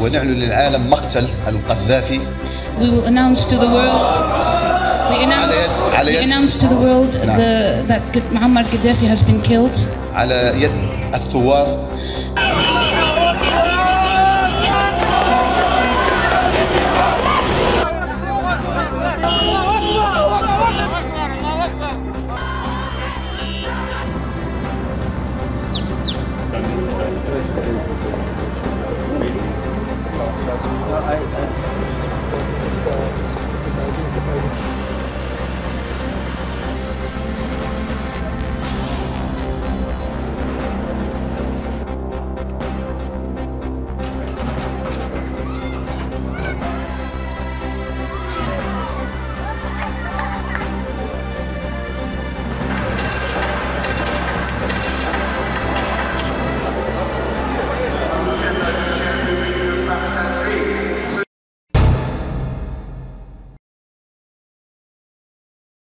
ونعلن للعالم مقتل القذافي We will announce to the world We announce, على يد, we announce to the world نعم. the, that Muammar Gaddafi has been killed على يد الثوار I, I,